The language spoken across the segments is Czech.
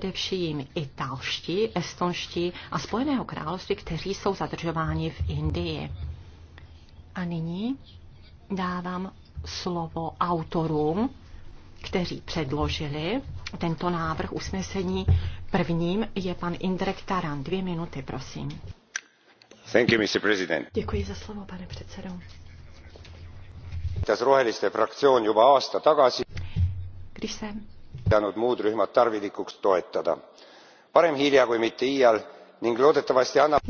především italští, estonští a Spojeného království, kteří jsou zadržováni v Indii. A nyní dávám slovo autorům, kteří předložili tento návrh usnesení. Prvním je pan Indrek Taran. Dvě minuty, prosím. Thank you, Mr. President. Děkuji za slovo, pane předsedo. Když jsem pidanud muud rühmad tarvilikuks toetada. parem hilja kui mitte iial ning loodetavasti annab.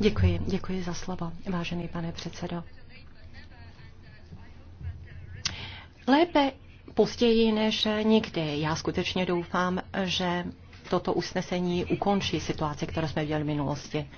Lépe později než nikdy. Já skutečně doufám, že toto usnesení ukončí situaci, kterou jsme viděli v minulosti.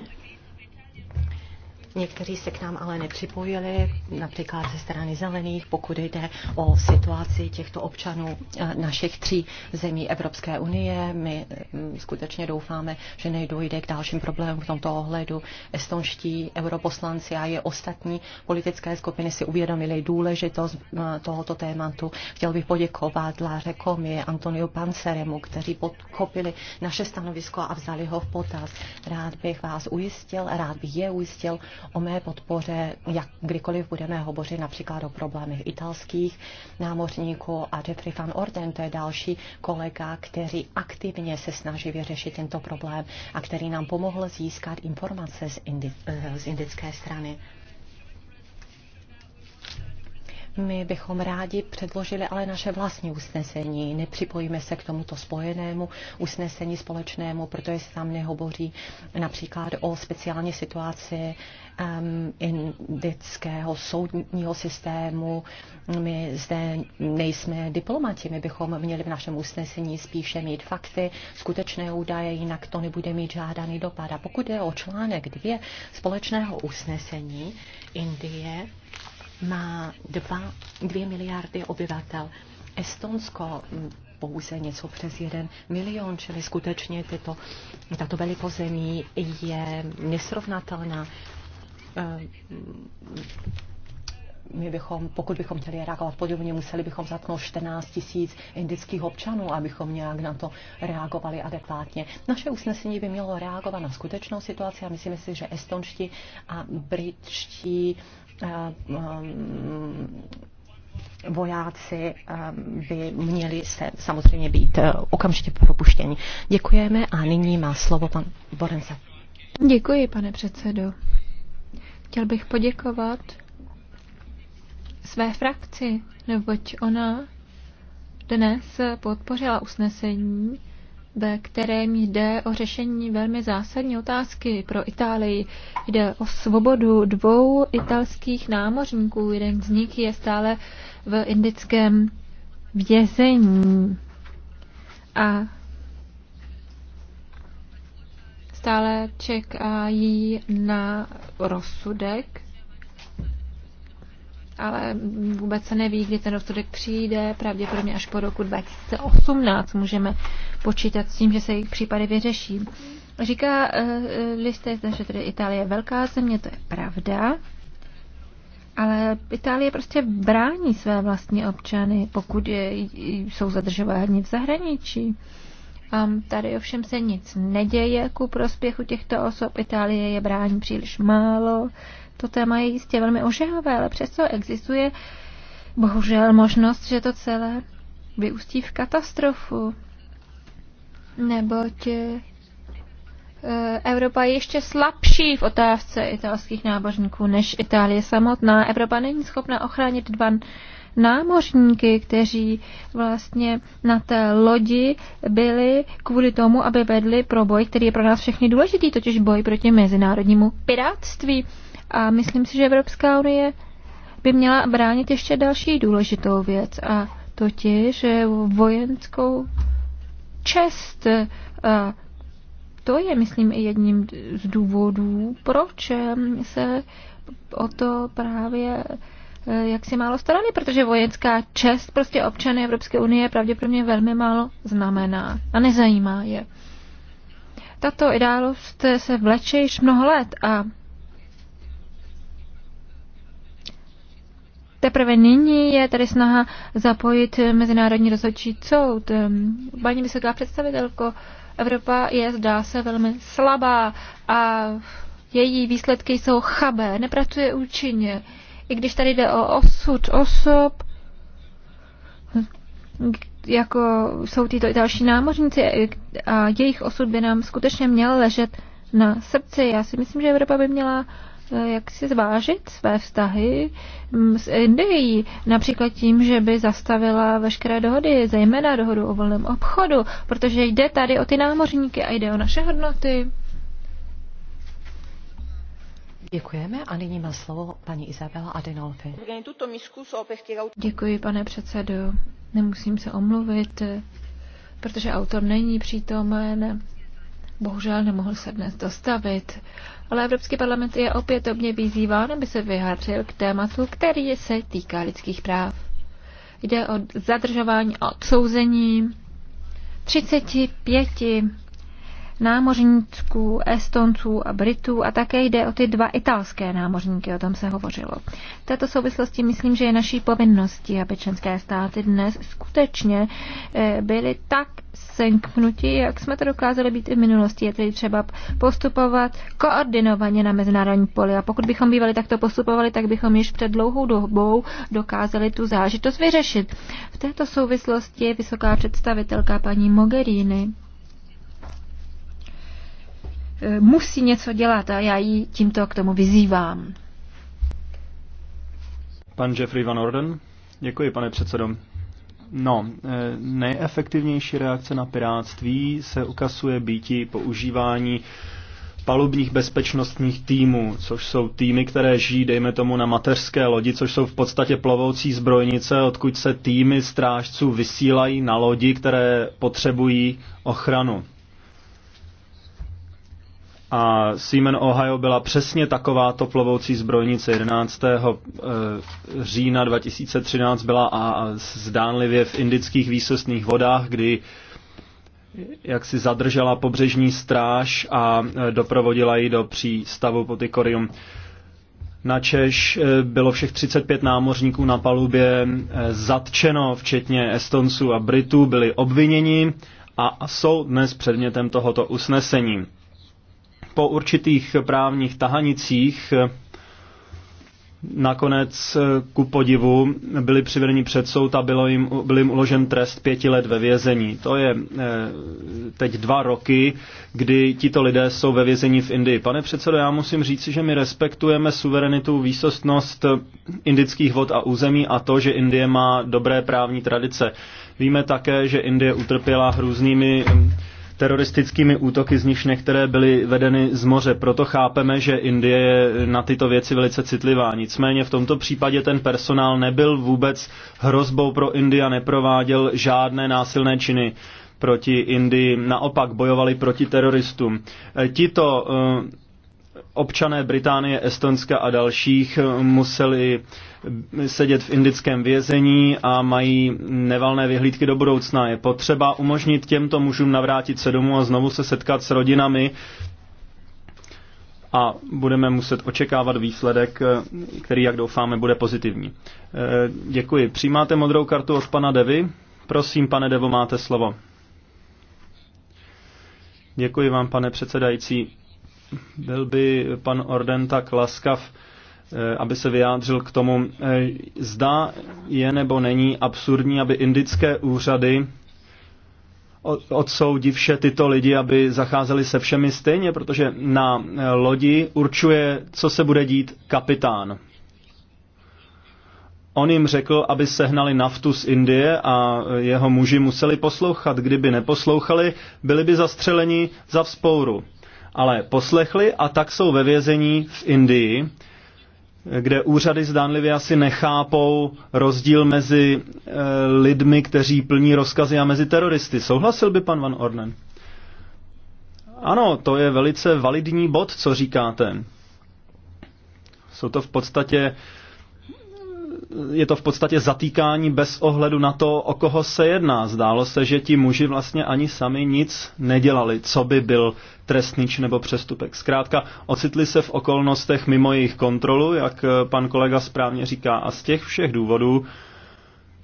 Někteří se k nám ale nepřipojili, například ze strany zelených, pokud jde o situaci těchto občanů eh, našich tří zemí Evropské unie. My eh, skutečně doufáme, že nejdojde k dalším problémům v tomto ohledu. Estonští europoslanci a je ostatní politické skupiny si uvědomili důležitost eh, tohoto tématu. Chtěl bych poděkovat Láře Komi, Antonio Panceremu, kteří podkopili naše stanovisko a vzali ho v potaz. Rád bych vás ujistil, rád bych je ujistil o mé podpoře, jak kdykoliv budeme hovořit například o problémech italských námořníků a Jeffrey van Orden, to je další kolega, který aktivně se snaží vyřešit tento problém a který nám pomohl získat informace z, indi, eh, z indické strany. My bychom rádi předložili ale naše vlastní usnesení. Nepřipojíme se k tomuto spojenému usnesení společnému, protože se tam nehovoří například o speciální situaci um, indického soudního systému. My zde nejsme diplomati, my bychom měli v našem usnesení spíše mít fakty, skutečné údaje, jinak to nebude mít žádaný dopad. A pokud je o článek dvě společného usnesení Indie, má 2, 2 miliardy obyvatel. Estonsko pouze něco přes jeden milion, čili skutečně tyto, tato velikost zemí je nesrovnatelná. Ehm, my bychom, pokud bychom chtěli reagovat podobně, museli bychom zatknout 14 tisíc indických občanů, abychom nějak na to reagovali adekvátně. Naše usnesení by mělo reagovat na skutečnou situaci a myslím si, že estonští a britští Eh, eh, vojáci eh, by měli se samozřejmě být okamžitě propuštěni. Děkujeme a nyní má slovo pan Borenza. Děkuji, pane předsedo. Chtěl bych poděkovat své frakci, neboť ona dnes podpořila usnesení, ve kterém jde o řešení velmi zásadní otázky pro Itálii. Jde o svobodu dvou italských námořníků. Jeden z nich je stále v indickém vězení. A stále čekají na rozsudek ale vůbec se neví, kdy ten rozsudek přijde, pravděpodobně až po roku 2018 můžeme počítat s tím, že se jejich případy vyřeší. Říká uh, eh, eh, Liste, že tedy Itálie je velká země, to je pravda, ale Itálie prostě brání své vlastní občany, pokud je, jsou zadržováni v zahraničí. Um, tady ovšem se nic neděje ku prospěchu těchto osob. Itálie je brání příliš málo. To téma je jistě velmi ožehavé, ale přesto existuje bohužel možnost, že to celé vyústí v katastrofu. Neboť e, Evropa je ještě slabší v otázce italských nábožníků než Itálie samotná. Evropa není schopna ochránit dva námořníky, kteří vlastně na té lodi byli kvůli tomu, aby vedli pro boj, který je pro nás všechny důležitý, totiž boj proti mezinárodnímu pirátství. A myslím si, že Evropská unie by měla bránit ještě další důležitou věc, a totiž eh, vojenskou čest. A eh, to je, myslím, i jedním z důvodů, proč eh, se o to právě jak si málo starali, protože vojenská čest prostě občany Evropské unie pravděpodobně velmi málo znamená a nezajímá je. Tato ideálost se vleče již mnoho let a Teprve nyní je tady snaha zapojit Mezinárodní rozhodčí soud. Paní vysoká představitelko, Evropa je, zdá se, velmi slabá a její výsledky jsou chabé, nepracuje účinně. I když tady jde o osud osob, jako jsou tyto další námořníci a jejich osud by nám skutečně měl ležet na srdci. Já si myslím, že Evropa by měla Eh, jak si zvážit své vztahy mm, s Indií, například tím, že by zastavila veškeré dohody, zejména dohodu o volném obchodu, protože jde tady o ty námořníky a jde o naše hodnoty. Děkujeme a nyní má slovo paní Izabela Adenolfi. Děkuji, pane předsedo. Nemusím se omluvit, protože autor není přítomen. Bohužel nemohl se dnes dostavit ale Evropský parlament je opětovně vyzýván, aby se vyhádřil k tématu, který se týká lidských práv. Jde o zadržování a odsouzení 35 námořníků, Estonců a Britů a také jde o ty dva italské námořníky, o tom se hovořilo. V této souvislosti myslím, že je naší povinností, aby členské státy dnes skutečně eh, byly tak senknutí, jak jsme to dokázali být i v minulosti. Je tedy třeba postupovat koordinovaně na mezinárodní poli a pokud bychom bývali takto postupovali, tak bychom již před dlouhou dobou dokázali tu zážitost vyřešit. V této souvislosti vysoká představitelka paní Mogherini Eh, musí něco dělat a já ji tímto k tomu vyzývám. Pan Jeffrey Van Orden. Děkuji, pane předsedo. No, eh, nejefektivnější reakce na piráctví se ukazuje býti používání palubních bezpečnostních týmů, což jsou týmy, které žijí, dejme tomu, na mateřské lodi, což jsou v podstatě plovoucí zbrojnice, odkud se týmy strážců vysílají na lodi, které potřebují ochranu. A Siemens Ohio byla přesně taková toplovoucí zbrojnice 11. Eh, října 2013 byla a zdánlivě v indických výsostných vodách, kdy jak si zadržela pobřežní stráž a eh, doprovodila ji do přístavu Potikorium. Na Češ eh, bylo všech 35 námořníků na palubě zatčeno, včetně Estonců a Britů, byli obviněni a jsou dnes předmětem tohoto usnesení po určitých právních tahanicích nakonec eh, ku podivu byli přivedeni před soud a bylo jim, byl jim uložen trest pěti let ve vězení. To je eh, teď dva roky, kdy tito lidé jsou ve vězení v Indii. Pane předsedo, já musím říci, že my respektujeme suverenitu, výsostnost eh, indických vod a území a to, že Indie má dobré právní tradice. Víme také, že Indie utrpěla hrůznými hm, teroristickými útoky, z nich některé byly vedeny z moře. Proto chápeme, že Indie je na tyto věci velice citlivá. Nicméně v tomto případě ten personál nebyl vůbec hrozbou pro Indie, a neprováděl žádné násilné činy proti Indii. Naopak bojovali proti teroristům. E, tito e, občané Británie, Estonska a dalších eh, museli sedět v indickém vězení a mají nevalné vyhlídky do budoucna. Je potřeba umožnit těmto mužům navrátit se domů a znovu se setkat s rodinami a budeme muset očekávat výsledek, eh, který, jak doufáme, bude pozitivní. Eh, děkuji. Přijímáte modrou kartu od pana Devy? Prosím, pane Devo, máte slovo. Děkuji vám, pane předsedající byl by pan Orden tak laskav, eh, aby se vyjádřil k tomu, eh, zda je nebo není absurdní, aby indické úřady odsoudí vše tyto lidi, aby zacházeli se všemi stejně, protože na eh, lodi určuje, co se bude dít kapitán. On jim řekl, aby sehnali naftu z Indie a jeho muži museli poslouchat. Kdyby neposlouchali, byli by zastřeleni za vzpouru ale poslechli a tak jsou ve vězení v Indii, kde úřady zdánlivě asi nechápou rozdíl mezi e, lidmi, kteří plní rozkazy a mezi teroristy. Souhlasil by pan Van Ornen? Ano, to je velice validní bod, co říkáte. Jsou to v podstatě je to v podstatě zatýkání bez ohledu na to, o koho se jedná. Zdálo se, že ti muži vlastně ani sami nic nedělali, co by byl trestný či nebo přestupek. Zkrátka, ocitli se v okolnostech mimo jejich kontrolu, jak eh, pan kolega správně říká, a z těch všech důvodů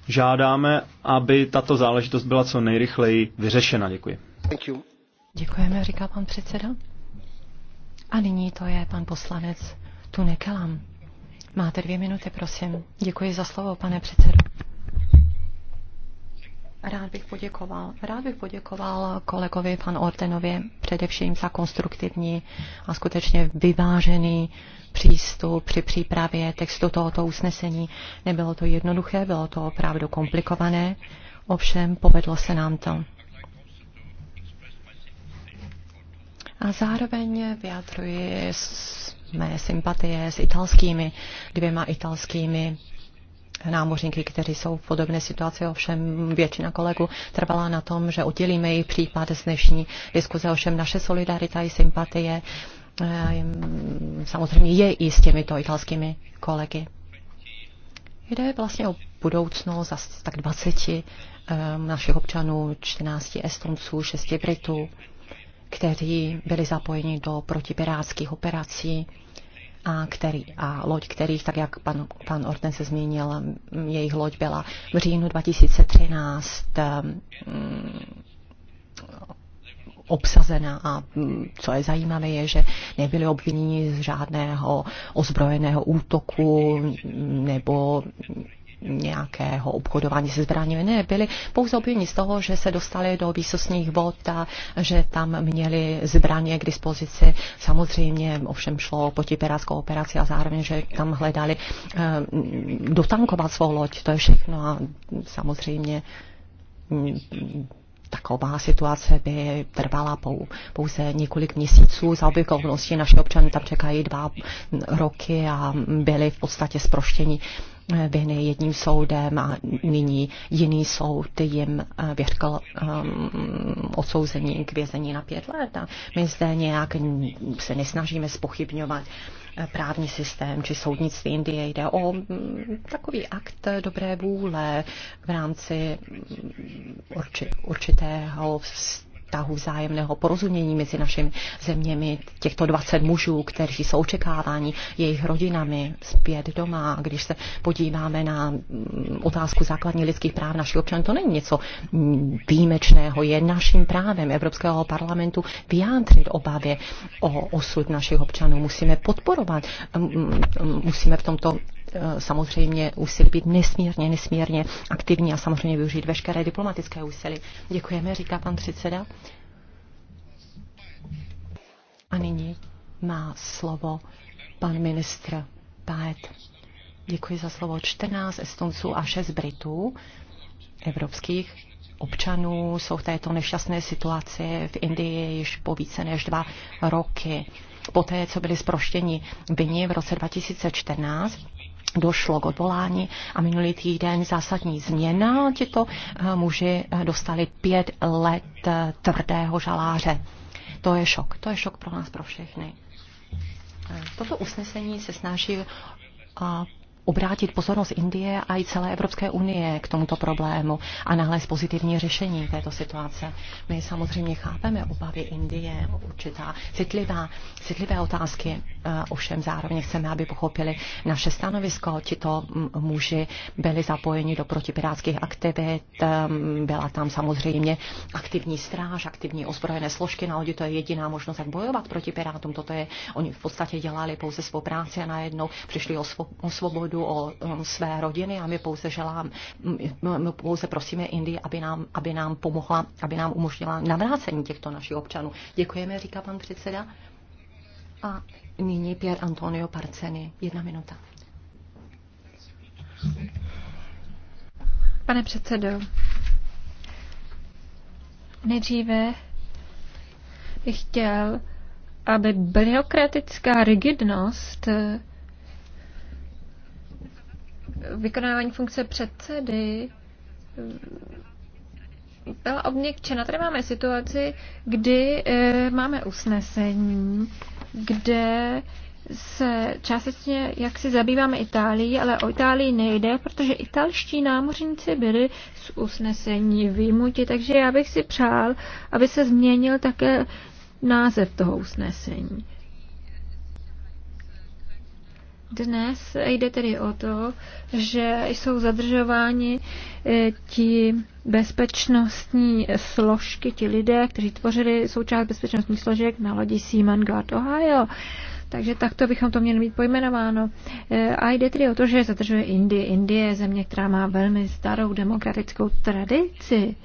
žádáme, aby tato záležitost byla co nejrychleji vyřešena. Děkuji. Děkujeme, říká pan předseda. A nyní to je pan poslanec Tunekelam. Máte dvě minuty, prosím. Děkuji za slovo, pane předsedo. Rád bych poděkoval. Rád bych poděkoval kolegovi pan Ortenovi, především za konstruktivní a skutečně vyvážený přístup při přípravě textu tohoto usnesení. Nebylo to jednoduché, bylo to opravdu komplikované, ovšem povedlo se nám to. A zároveň vyjadruji mé sympatie s italskými, dvěma italskými námořníky, kteří jsou v podobné situaci, ovšem většina kolegů trvala na tom, že oddělíme jejich případ z dnešní diskuze, ovšem naše solidarita i sympatie eh, samozřejmě je i s těmito italskými kolegy. Jde vlastně o budoucnost asi tak 20 eh, našich občanů, 14 Estonců, 6 Britů kteří byli zapojeni do protipirátských operací a, který, a loď kterých, tak jak pan, pan Orten se zmínil, jejich loď byla v říjnu 2013 um, obsazena a mm, co je zajímavé je, že nebyli obviněni z žádného ozbrojeného útoku nebo nějakého obchodování se zbraněmi. Ne, byli pouze obviněni z toho, že se dostali do výsostních vod a že tam měli zbraně k dispozici. Samozřejmě ovšem šlo o protipirátskou operaci a zároveň, že tam hledali eh, dotankovat svou loď. To je všechno a samozřejmě hm, taková situace by trvala pou, pouze několik měsíců. Za obvyklostí naše občany tam čekají dva roky a byli v podstatě zproštěni viny jedním soudem a nyní jiný soud jim eh, věřkal um, ehm, odsouzení k vězení na pět let. A my zde nějak se nesnažíme spochybňovat eh, právní systém či soudnictví Indie. Jde o mm, takový akt dobré vůle v rámci mm, určitého vztahu tahu vzájemného porozumění mezi našimi zeměmi, těchto 20 mužů, kteří jsou očekáváni jejich rodinami zpět doma. A když se podíváme na mm, otázku základních lidských práv našich občanů, to není něco výjimečného. Je naším právem Evropského parlamentu vyjádřit obavy o osud našich občanů. Musíme podporovat, mm, mm, musíme v tomto Eh, samozřejmě úsilí být nesmírně, nesmírně aktivní a samozřejmě využít veškeré diplomatické úsilí. Děkujeme, říká pan předseda. A nyní má slovo pan ministr Paet. Děkuji za slovo. 14 Estonců a 6 Britů evropských občanů jsou v této nešťastné situaci v Indii již po více než dva roky. Poté, co byli zproštěni vyni v roce 2014, došlo k odvolání a minulý týden zásadní změna. Tito eh, muži eh, dostali pět let eh, tvrdého žaláře. To je šok. To je šok pro nás, pro všechny. Toto usnesení se snaží obrátit pozornost Indie a i celé Evropské unie k tomuto problému a nalézt pozitivní řešení této situace. My samozřejmě chápeme obavy Indie, určitá citlivá, citlivé otázky, eh, ovšem zároveň chceme, aby pochopili naše stanovisko. Tito mm, muži byli zapojeni do protipirátských aktivit, ehm, byla tam samozřejmě aktivní stráž, aktivní ozbrojené složky na lodi, to je jediná možnost, jak bojovat proti pirátům. Toto je, oni v podstatě dělali pouze svou práci a najednou přišli o, o svobodu opravdu o um, své rodiny a my pouze želám, pouze prosíme Indii, aby nám, aby nám pomohla, aby nám umožnila navrácení těchto našich občanů. Děkujeme, říká pan předseda. A nyní Pier Antonio Parceni. Jedna minuta. Pane předsedo, nejdříve bych chtěl, aby byrokratická rigidnost vykonávání funkce předsedy eh, byla obněkčena. Tady máme situaci, kdy e, máme usnesení, kde se částečně jak si zabýváme Itálií, ale o Itálii nejde, protože italští námořníci byli z usnesení výmuti, takže já bych si přál, aby se změnil také název toho usnesení. Dnes jde tedy o to, že jsou zadržováni e, ti bezpečnostní složky, ti lidé, kteří tvořili součást bezpečnostních složek na lodi Seaman Guard Ohio. Takže takto bychom to měli mít pojmenováno. E, a jde tedy o to, že zadržuje Indie. Indie je země, která má velmi starou demokratickou tradici.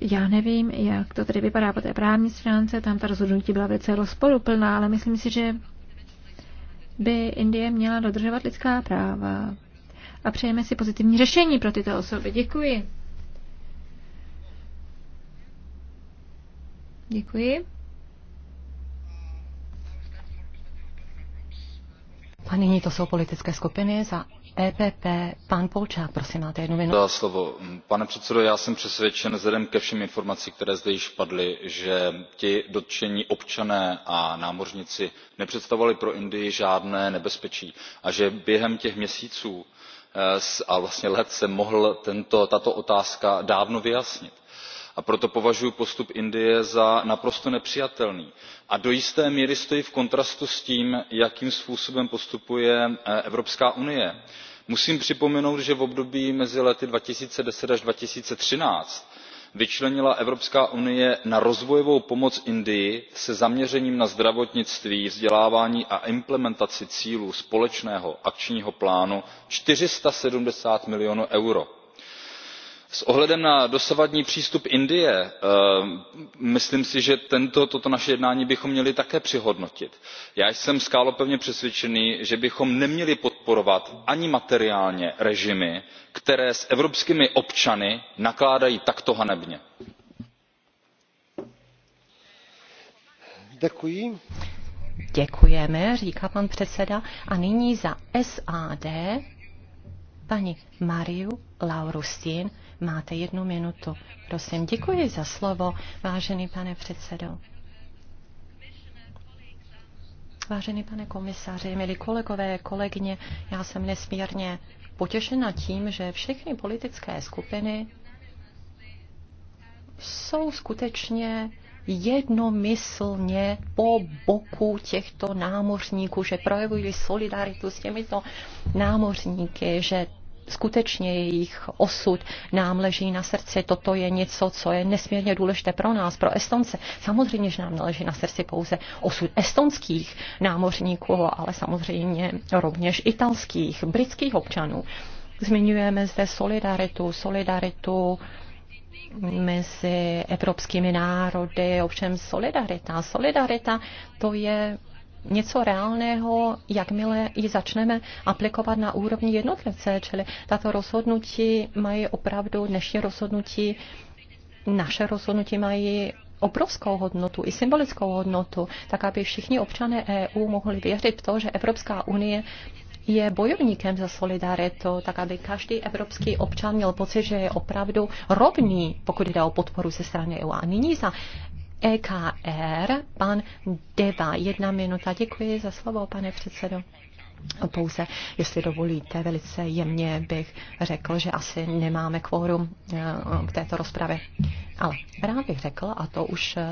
Já nevím, jak to tedy vypadá po té právní stránce, tam ta rozhodnutí byla velice rozporuplná, ale myslím si, že by Indie měla dodržovat lidská práva. A přejeme si pozitivní řešení pro tyto osoby. Děkuji. Děkuji. A nyní to jsou politické skupiny za EPP, pan Polčák, prosím, máte jednu minutu. slovo. Pane předsedo, já jsem přesvědčen vzhledem ke všem informacím, které zde již padly, že ti dotčení občané a námořníci nepředstavovali pro Indii žádné nebezpečí a že během těch měsíců eh, a vlastně let se mohla tato otázka dávno vyjasnit a proto považuji postup indie za naprosto nepřijatelný a do jisté míry stojí v kontrastu s tím jakým způsobem postupuje e, evropská unie. musím připomenout že v období mezi lety two thousand and ten až two thousand and thirteen vyčlenila evropská unie na rozvojovou pomoc indii se zaměřením na zdravotnictví vzdělávání a implementaci cílů společného akčního plánu four hundred and seventy milionů eur s ohledem na dosavadní přístup indie eh, myslím si že toto naše jednání bychom měli také přehodnotit. já jsem skálopevně přesvědčený že bychom neměli podporovat ani materiálně režimy které s evropskými občany nakládají takto hanebně. Děkuji. Děkujeme, říká pan předseda. A nyní za SAD paní Mariu Máte jednu minutu. Prosím, děkuji za slovo, vážený pane předsedo. Vážený pane komisaři, milí kolegové, kolegyně, já jsem nesmírně potěšena tím, že všechny politické skupiny jsou skutečně jednomyslně po boku těchto námořníků, že projevují solidaritu s těmito námořníky, že skutečně jejich osud nám leží na srdci. Toto je něco, co je nesmírně důležité pro nás, pro Estonce. Samozřejmě, že nám leží na srdci pouze osud estonských námořníků, ale samozřejmě rovněž italských, britských občanů. Zmiňujeme zde solidaritu, solidaritu mezi evropskými národy, ovšem solidarita. Solidarita to je něco reálného, jakmile ji začneme aplikovat na úrovni jednotlivce, čili tato rozhodnutí mají opravdu dnešní rozhodnutí, naše rozhodnutí mají obrovskou hodnotu i symbolickou hodnotu, tak aby všichni občané EU mohli věřit v to, že Evropská unie je bojovníkem za solidaritu, tak aby každý evropský občan měl pocit, že je opravdu rovný, pokud jde o podporu ze strany EU. A nyní za EKR, pan Deva. Jedna minuta. Děkuji za slovo, pane předsedo. Pouze, jestli dovolíte, velice jemně bych řekl, že asi nemáme kvórum v eh, této rozpravě. Ale rád bych řekl, a to už eh,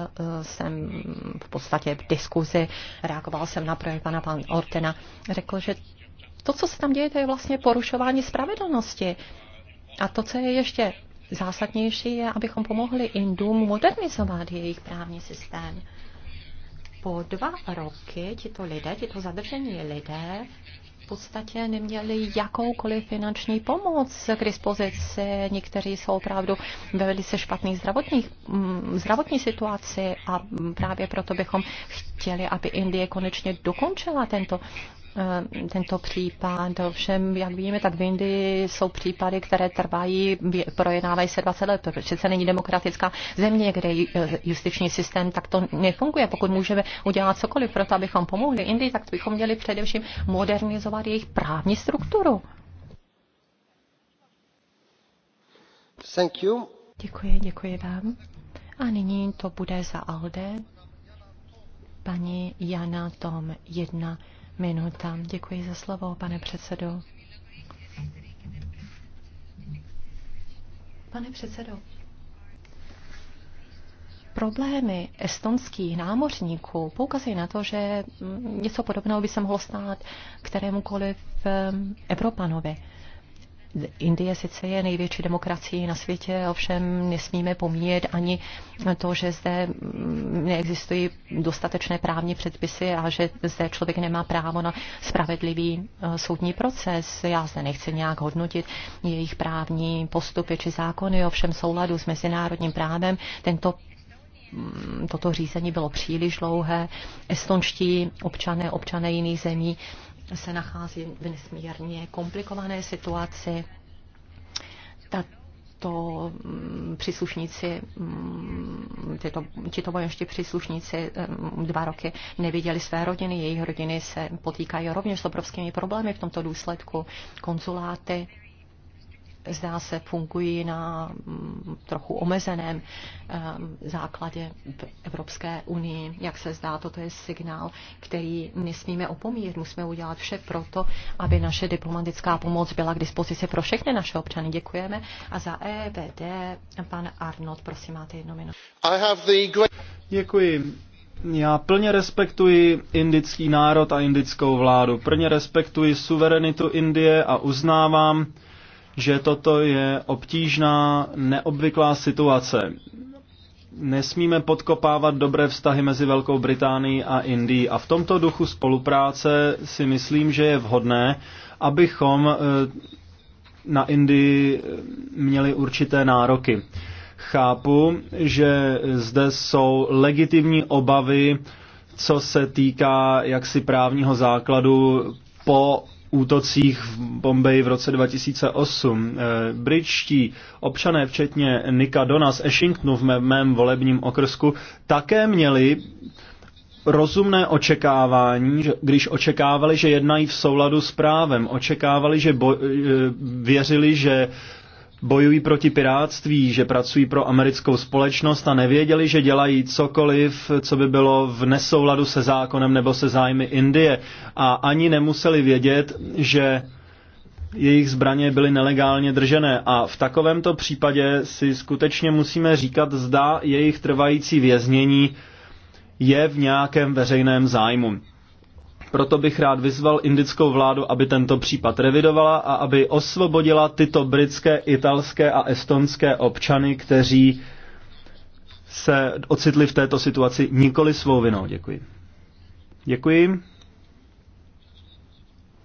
jsem v podstatě v diskuzi, reagoval jsem na projekt pana pan Ortena, řekl, že to, co se tam děje, to je vlastně porušování spravedlnosti. A to, co je ještě zásadnější je, abychom pomohli Indům modernizovat jejich právní systém. Po dva roky tito lidé, tito zadržení lidé v podstatě neměli jakoukoliv finanční pomoc k dispozici. Někteří jsou opravdu ve velice špatných zdravotních, mm, zdravotní situaci a právě proto bychom chtěli, aby Indie konečně dokončila tento Eh, tento případ. Ovšem, jak víme, tak v Indii jsou případy, které trvají, projednávají se 20 let. Přece není demokratická země, kde eh, justiční systém tak to nefunguje. Pokud můžeme udělat cokoliv pro to, abychom pomohli Indii, tak bychom měli především modernizovat jejich právní strukturu. Thank you. Děkuji, děkuji vám. A nyní to bude za Alde. Paní Jana Tom 1 minuta. Děkuji za slovo, pane předsedo. Pane předsedo, problémy estonských námořníků poukazují na to, že něco podobného by se mohlo stát kterémukoliv eh, Evropanovi. Indie sice je největší demokracií na světě, ovšem nesmíme pomíjet ani to, že zde mm, neexistují dostatečné právní předpisy a že zde člověk nemá právo na spravedlivý eh, soudní proces. Já zde nechci nějak hodnotit jejich právní postupy či zákony, ovšem souladu s mezinárodním právem tento mm, toto řízení bylo příliš dlouhé. Estonští občané, občané jiných zemí se nachází v nesmírně komplikované situaci. Tato mm, příslušníci, mm, tyto, tito vojenští příslušníci mm, dva roky neviděli své rodiny, jejich rodiny se potýkají rovněž s obrovskými problémy v tomto důsledku. Konzuláty zdá se, fungují na mm, trochu omezeném eh, základě v Evropské unii. Jak se zdá, toto je signál, který nesmíme opomíjet. Musíme udělat vše proto, aby naše diplomatická pomoc byla k dispozici pro všechny naše občany. Děkujeme. A za EVD pan Arnold, prosím, máte jednu minutu. Děkuji. Já plně respektuji indický národ a indickou vládu. Plně respektuji suverenitu Indie a uznávám, že toto je obtížná, neobvyklá situace. Nesmíme podkopávat dobré vztahy mezi Velkou Británií a Indií a v tomto duchu spolupráce si myslím, že je vhodné, abychom eh, na Indii eh, měli určité nároky. Chápu, že zde jsou legitimní obavy, co se týká jaksi právního základu po útocích v Bombeji v roce 2008. Eh, britští občané, včetně Nika Dona z Ashingtonu v mém volebním okrsku, také měli rozumné očekávání, že, když očekávali, že jednají v souladu s právem, očekávali, že bo, eh, věřili, že bojují proti piráctví, že pracují pro americkou společnost a nevěděli, že dělají cokoliv, co by bylo v nesouladu se zákonem nebo se zájmy Indie. A ani nemuseli vědět, že jejich zbraně byly nelegálně držené a v takovémto případě si skutečně musíme říkat, zda jejich trvající věznění je v nějakém veřejném zájmu. Proto bych rád vyzval indickou vládu, aby tento případ revidovala a aby osvobodila tyto britské, italské a estonské občany, kteří se ocitli v této situaci nikoli svou vinou. Děkuji. Děkuji.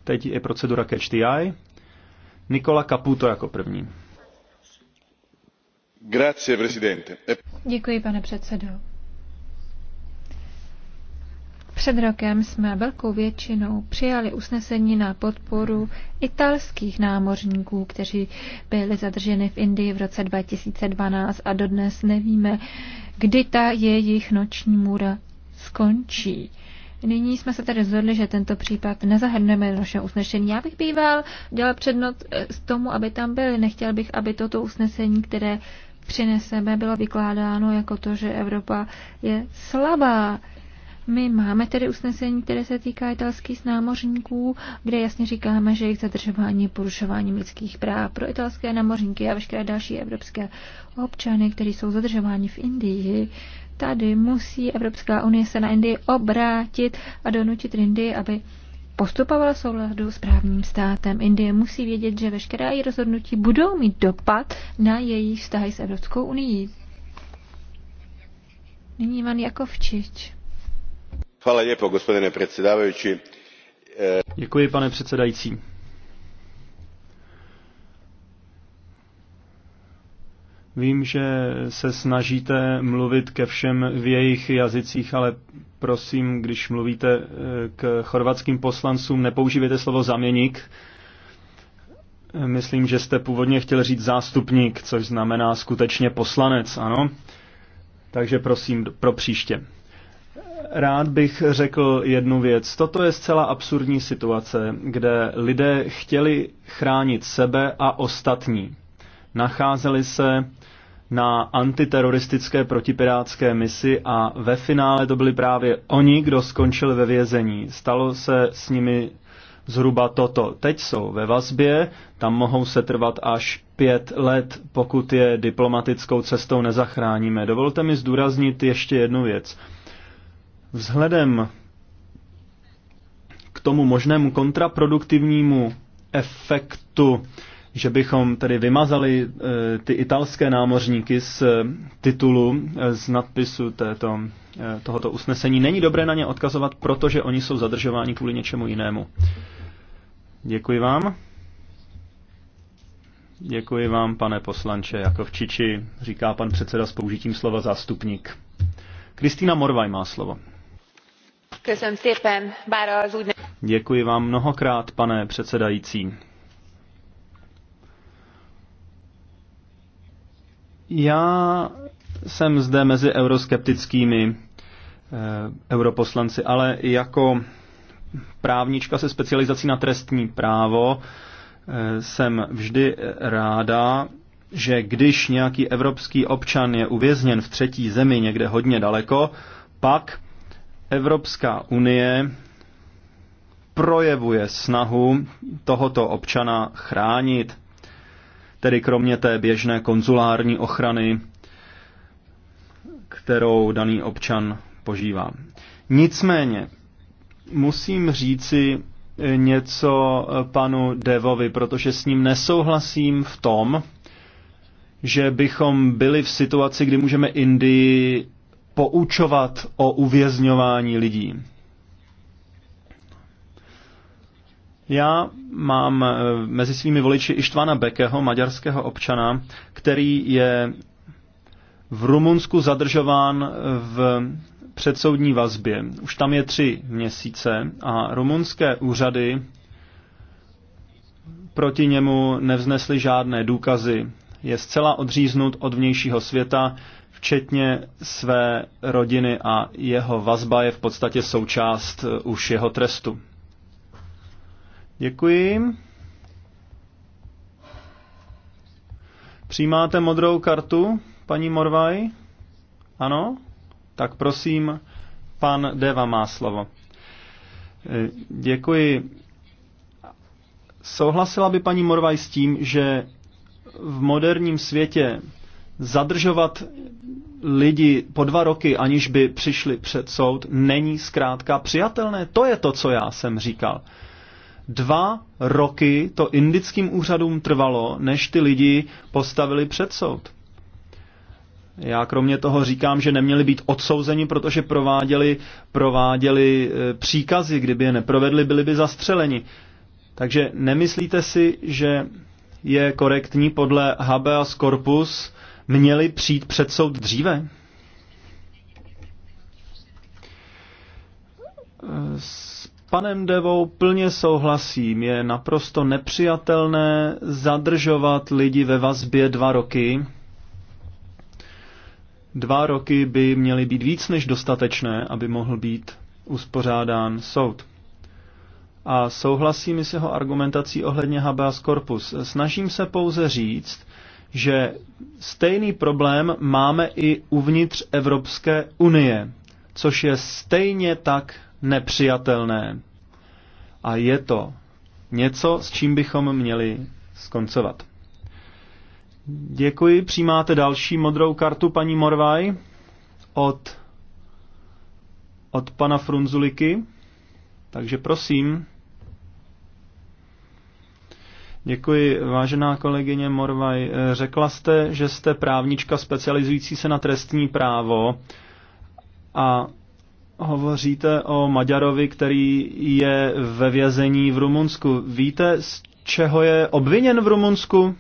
Teď je procedura Catch the Eye. Nikola Caputo jako první. Grazie, presidente. Děkuji, pane předsedo. Před rokem jsme velkou většinou přijali usnesení na podporu italských námořníků, kteří byli zadrženi v Indii v roce 2012 a dodnes nevíme, kdy ta jejich noční můra skončí. Nyní jsme se tedy rozhodli, že tento případ nezahrneme do našeho usnesení. Já bych býval dělal přednot z eh, tomu, aby tam byli. Nechtěl bych, aby toto usnesení, které přineseme, bylo vykládáno jako to, že Evropa je slabá. My máme tedy usnesení, které se týká italských námořníků, kde jasně říkáme, že jejich zadržování je porušováním lidských práv pro italské námořníky a veškeré další evropské občany, kteří jsou zadržováni v Indii. Tady musí Evropská unie se na Indii obrátit a donutit Indii, aby postupovala souladu s právním státem. Indie musí vědět, že veškerá její rozhodnutí budou mít dopad na její vztahy s Evropskou unii. Nyní Ivan Jakovčič. Děkuji, pane předsedající. Vím, že se snažíte mluvit ke všem v jejich jazycích, ale prosím, když mluvíte eh, k chorvatským poslancům, nepoužívejte slovo zaměník. Myslím, že jste původně chtěl říct zástupník, což znamená skutečně poslanec, ano? Takže prosím, pro příště. Rád bych řekl jednu věc. Toto je zcela absurdní situace, kde lidé chtěli chránit sebe a ostatní. Nacházeli se na antiteroristické protipirátské misi a ve finále to byli právě oni, kdo skončil ve vězení. Stalo se s nimi zhruba toto. Teď jsou ve vazbě, tam mohou se trvat až pět let, pokud je diplomatickou cestou nezachráníme. Dovolte mi zdůraznit ještě jednu věc. Vzhledem k tomu možnému kontraproduktivnímu efektu, že bychom tedy vymazali eh, ty italské námořníky z eh, titulu, eh, z nadpisu této, tohoto usnesení. Není dobré na ně odkazovat, protože oni jsou zadržováni kvůli něčemu jinému. Děkuji vám. Děkuji vám, pane poslanče Čiči, říká pan předseda s použitím slova zástupník. Kristýna Morvaj má slovo. Děkuji vám mnohokrát, pane předsedající. Já jsem zde mezi euroskeptickými eh, europoslanci, ale jako právnička se specializací na trestní právo eh, jsem vždy ráda, že když nějaký evropský občan je uvězněn v třetí zemi někde hodně daleko, pak Evropská unie projevuje snahu tohoto občana chránit, tedy kromě té běžné konzulární ochrany, kterou daný občan požívá. Nicméně musím říci eh, něco eh, panu Devovi, protože s ním nesouhlasím v tom, že bychom byli v situaci, kdy můžeme Indii poučovat o uvězňování lidí. Já mám eh, mezi svými voliči Ištvana Bekeho, maďarského občana, který je v Rumunsku zadržován eh, v předsoudní vazbě. Už tam je tři měsíce a rumunské úřady proti němu nevznesly žádné důkazy. Je zcela odříznut od vnějšího světa, včetně své rodiny a jeho vazba je v podstatě součást eh, už jeho trestu. Děkuji. Přijímáte modrou kartu, paní Morvaj? Ano? Tak prosím, pan Deva má slovo. Eh, děkuji. Souhlasila by paní Morvaj s tím, že v moderním světě zadržovat lidi po dva roky, aniž by přišli před soud, není zkrátka přijatelné. To je to, co já jsem říkal. Dva roky to indickým úřadům trvalo, než ty lidi postavili před soud. Já kromě toho říkám, že neměli být odsouzeni, protože prováděli, prováděli e, příkazy, kdyby je neprovedli, byli by zastřeleni. Takže nemyslíte si, že je korektní podle habeas corpus měli přijít před soud dříve? S panem Devou plně souhlasím. Je naprosto nepřijatelné zadržovat lidi ve vazbě dva roky. Dva roky by měly být víc než dostatečné, aby mohl být uspořádán soud. A souhlasím s jeho argumentací ohledně habeas corpus. Snažím se pouze říct, že stejný problém máme i uvnitř Evropské unie, což je stejně tak nepřijatelné. A je to něco, s čím bychom měli skoncovat. Děkuji, přijímáte další modrou kartu, paní Morvaj, od, od pana Frunzuliky. Takže prosím, Děkuji, vážená kolegyně Morvaj. Eh, řekla jste, že jste právnička specializující se na trestní právo a hovoříte o Maďarovi, který je ve vězení v Rumunsku. Víte, z čeho je obviněn v Rumunsku?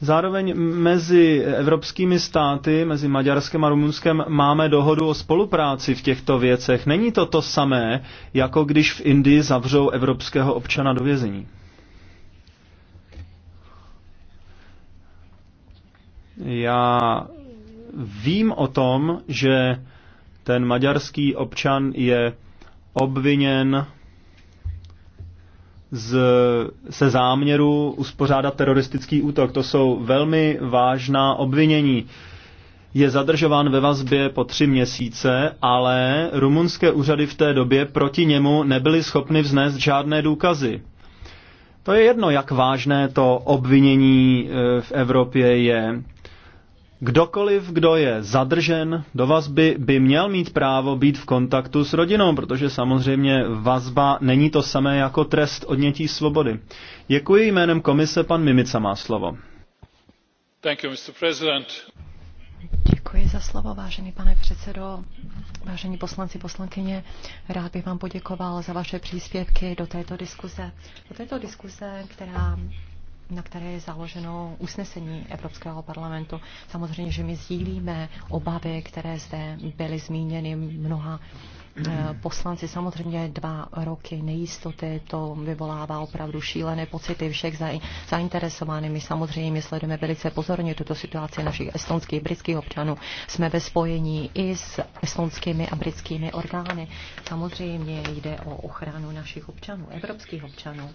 Zároveň mezi evropskými státy, mezi Maďarskem a Rumunskem máme dohodu o spolupráci v těchto věcech. Není to to samé, jako když v Indii zavřou evropského občana do vězení. Já vím o tom, že ten maďarský občan je obviněn z, se záměru uspořádat teroristický útok. To jsou velmi vážná obvinění. Je zadržován ve vazbě po tři měsíce, ale rumunské úřady v té době proti němu nebyly schopny vznést žádné důkazy. To je jedno, jak vážné to obvinění eh, v Evropě je. Kdokoliv, kdo je zadržen do vazby, by měl mít právo být v kontaktu s rodinou, protože samozřejmě vazba není to samé jako trest odnětí svobody. Děkuji jménem komise, pan Mimica má slovo. Thank you, Mr. President. Děkuji za slovo, vážený pane předsedo, vážení poslanci, poslankyně. Rád bych vám poděkoval za vaše příspěvky do této diskuze. Do této diskuze, která na které je založeno usnesení Evropského parlamentu. Samozřejmě, že my sdílíme obavy, které zde byly zmíněny mnoha eh, poslanci. Samozřejmě dva roky nejistoty, to vyvolává opravdu šílené pocity všech zainteresovaných. My samozřejmě sledujeme velice pozorně tuto situaci našich estonských, britských občanů. Jsme ve spojení i s estonskými a britskými orgány. Samozřejmě jde o ochranu našich občanů, evropských občanů.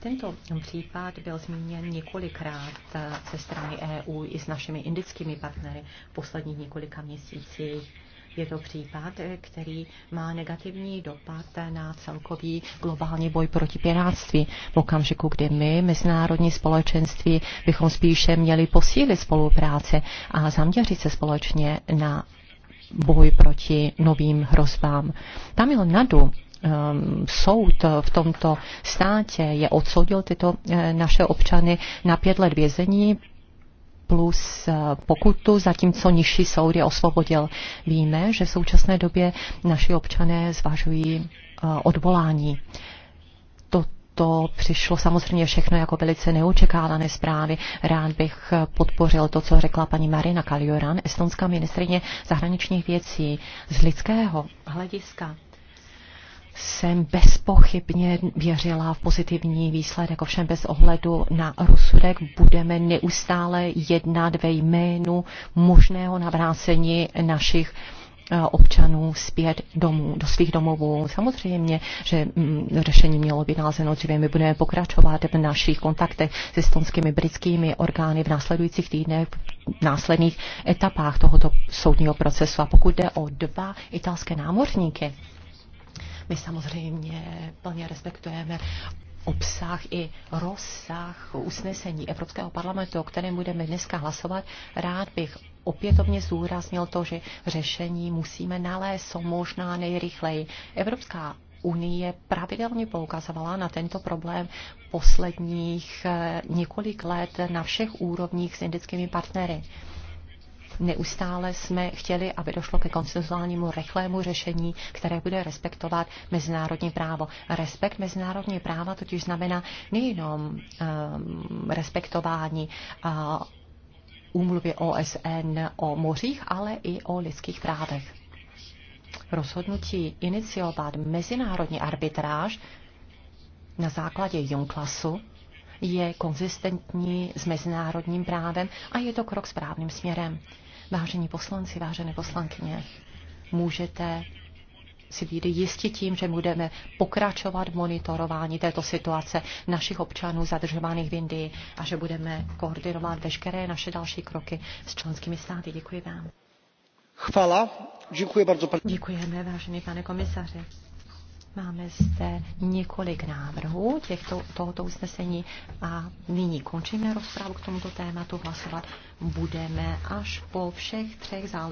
Tento případ byl zmíněn několikrát eh, ze strany EU i s našimi indickými partnery v posledních několika měsících. Je to případ, eh, který má negativní dopad na celkový globální boj proti pirátství. V okamžiku, kdy my, mezinárodní společenství, bychom spíše měli posílit spolupráci a zaměřit se společně na boj proti novým hrozbám. Tamil Nadu um, soud v tomto státě je odsoudil tyto eh, naše občany na pět let vězení plus eh, pokutu, zatímco nižší soud je osvobodil. Víme, že v současné době naši občané zvažují eh, odvolání. To přišlo samozřejmě všechno jako velice neočekávané zprávy. Rád bych podpořil to, co řekla paní Marina Kalioran, estonská ministrině zahraničních věcí z lidského hlediska jsem bezpochybně věřila v pozitivní výsledek, ovšem bez ohledu na rozsudek budeme neustále jednat ve jménu možného navrácení našich eh, občanů zpět domů, do svých domovů. Samozřejmě, že mm, řešení mělo být nalezeno dříve. My budeme pokračovat v našich kontaktech s estonskými britskými orgány v následujících týdnech, v následných etapách tohoto soudního procesu. A pokud jde o dva italské námořníky, my samozřejmě plně respektujeme obsah i rozsah usnesení Evropského parlamentu, o kterém budeme dneska hlasovat. Rád bych opětovně zúraznil to, že řešení musíme nalézt co možná nejrychleji. Evropská Unie pravidelně poukazovala na tento problém posledních eh, několik let na všech úrovních s indickými partnery neustále jsme chtěli, aby došlo ke konsenzuálnímu rychlému řešení, které bude respektovat mezinárodní právo. Respekt mezinárodní práva totiž znamená nejenom um, respektování uh, úmluvy OSN o mořích, ale i o lidských právech. Rozhodnutí iniciovat mezinárodní arbitráž na základě Junklasu je konzistentní s mezinárodním právem a je to krok správným směrem vážení poslanci, vážené poslankyně, můžete si být jistí tím, že budeme pokračovat v monitorování této situace našich občanů zadržovaných v Indii a že budeme koordinovat veškeré naše další kroky s členskými státy. Děkuji vám. Chvala. Děkuji bardzo. Děkujeme, vážený pane komisaři. Máme zde několik návrhů těchto, tohoto usnesení a nyní končíme rozprávu k tomuto tématu. Hlasovat budeme až po všech třech záležitostech.